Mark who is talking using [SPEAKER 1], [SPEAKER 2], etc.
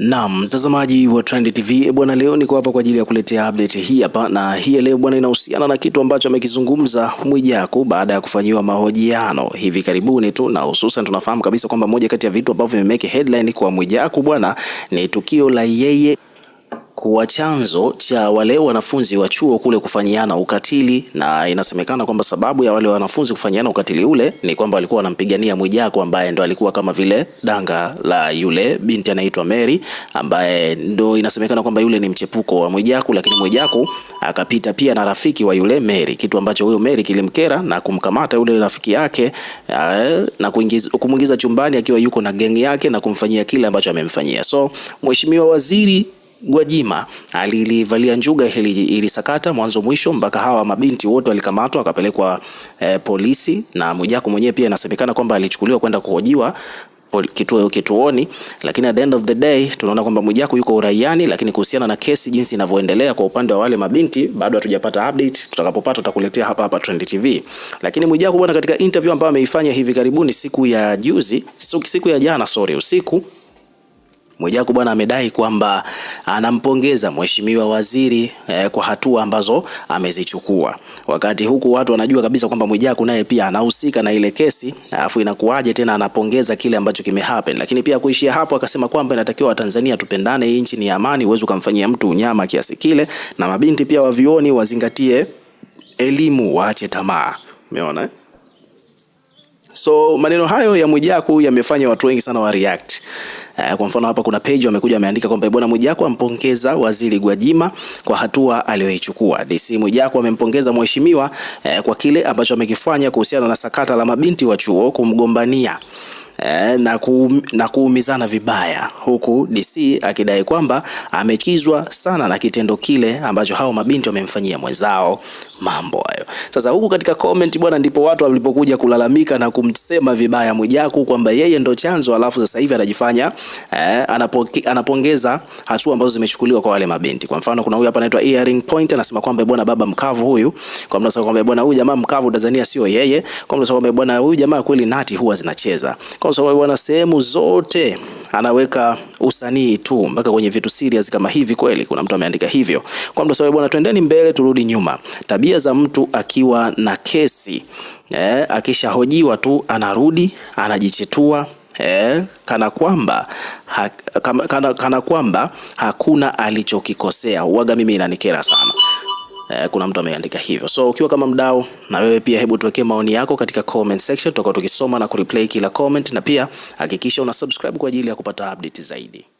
[SPEAKER 1] Naam, mtazamaji wa Trend TV eh, bwana, leo niko hapa kwa ajili ya kuletea update hii hapa, na hii leo bwana inahusiana na kitu ambacho amekizungumza Mwijaku baada ya kufanyiwa mahojiano hivi karibuni tu, na hususan tunafahamu kabisa kwamba moja kati ya vitu ambavyo vimemeke headline kwa Mwijaku bwana ni tukio la yeye kuwa chanzo cha wale wanafunzi wa chuo kule kufanyiana ukatili, na inasemekana kwamba sababu ya wale wanafunzi kufanyiana ukatili ule ni kwamba walikuwa wanampigania Mwijako ambaye ndo alikuwa kama vile danga la yule binti anaitwa Mary, ambaye ndo inasemekana kwamba yule ni mchepuko wa Mwijaku, lakini Mwijaku akapita pia na rafiki wa yule Mary, kitu ambacho huyo Mary kilimkera na kumkamata yule rafiki yake eh, na kumwingiza chumbani akiwa yuko na gengi yake na kumfanyia kile ambacho amemfanyia. So Mheshimiwa Waziri Gwajima alilivalia njuga hili, hili sakata mwanzo mwisho mpaka hawa mabinti wote walikamatwa wakapelekwa eh, polisi na Mwijaku mwenyewe pia inasemekana kwamba alichukuliwa kwenda kuhojiwa kituo kituoni, lakini at the end of the day tunaona kwamba Mwijaku yuko uraiani, lakini kuhusiana na kesi jinsi inavyoendelea kwa upande wa wale mabinti bado hatujapata update. Tutakapopata tutakuletea hapa hapa Trend TV. Lakini Mwijaku bwana, katika interview ambayo ameifanya hivi karibuni siku ya juzi, siku ya jana sorry, usiku Mwijaku bwana amedai kwamba anampongeza mheshimiwa waziri eh, kwa hatua ambazo amezichukua, wakati huku watu wanajua kabisa kwamba Mwijaku naye pia anahusika na ile kesi, alafu inakuwaje tena anapongeza kile ambacho kimehappen? Lakini pia kuishia hapo, akasema kwamba inatakiwa Watanzania tupendane, hii nchi ni amani, huwezi ukamfanyia mtu unyama kiasi kile, na mabinti pia wavioni, wazingatie elimu, waache tamaa. Umeona So maneno hayo ya Mwijaku yamefanya watu wengi sana wa react. Eh, kwa mfano hapa kuna page wamekuja wameandika kwamba eh, bwana Mwijaku ampongeza Waziri Gwajima kwa hatua aliyoichukua. DC Mwijaku amempongeza mheshimiwa eh, kwa kile ambacho amekifanya kuhusiana na sakata la mabinti wa chuo kumgombania eh, na, kuum, na kuumizana vibaya, huku DC akidai kwamba amechizwa sana na kitendo kile ambacho hao mabinti wamemfanyia mwenzao. Mambo hayo sasa, huku katika comment bwana, ndipo watu walipokuja kulalamika na kumsema vibaya Mwijaku kwamba yeye ndo chanzo, alafu sasa hivi anajifanya eh, anapoke, anapongeza hatua ambazo zimechukuliwa kwa wale mabinti. Kwa mfano kuna huyu hapa anaitwa Earring Point anasema kwamba bwana baba mkavu huyu, kwa mnasema kwamba bwana huyu jamaa mkavu Tanzania sio yeye, kwa mnasema kwamba bwana huyu jamaa kweli nati huwa zinacheza kwa kwa sababu ana sehemu zote anaweka usanii tu mpaka kwenye vitu serious kama hivi. Kweli kuna mtu ameandika hivyo mtu sababu bwana, twendeni mbele turudi nyuma. Tabia za mtu akiwa na kesi eh, akishahojiwa tu anarudi anajichetua eh, kana kwamba ha, kana, kana kwamba hakuna alichokikosea. Uwaga mimi inanikera sana eh, kuna mtu ameandika hivyo. So ukiwa kama mdau na wewe pia, hebu tuwekee maoni yako katika comment section, tutakuwa tukisoma na kureplay kila comment, na pia hakikisha una subscribe kwa ajili ya kupata update zaidi.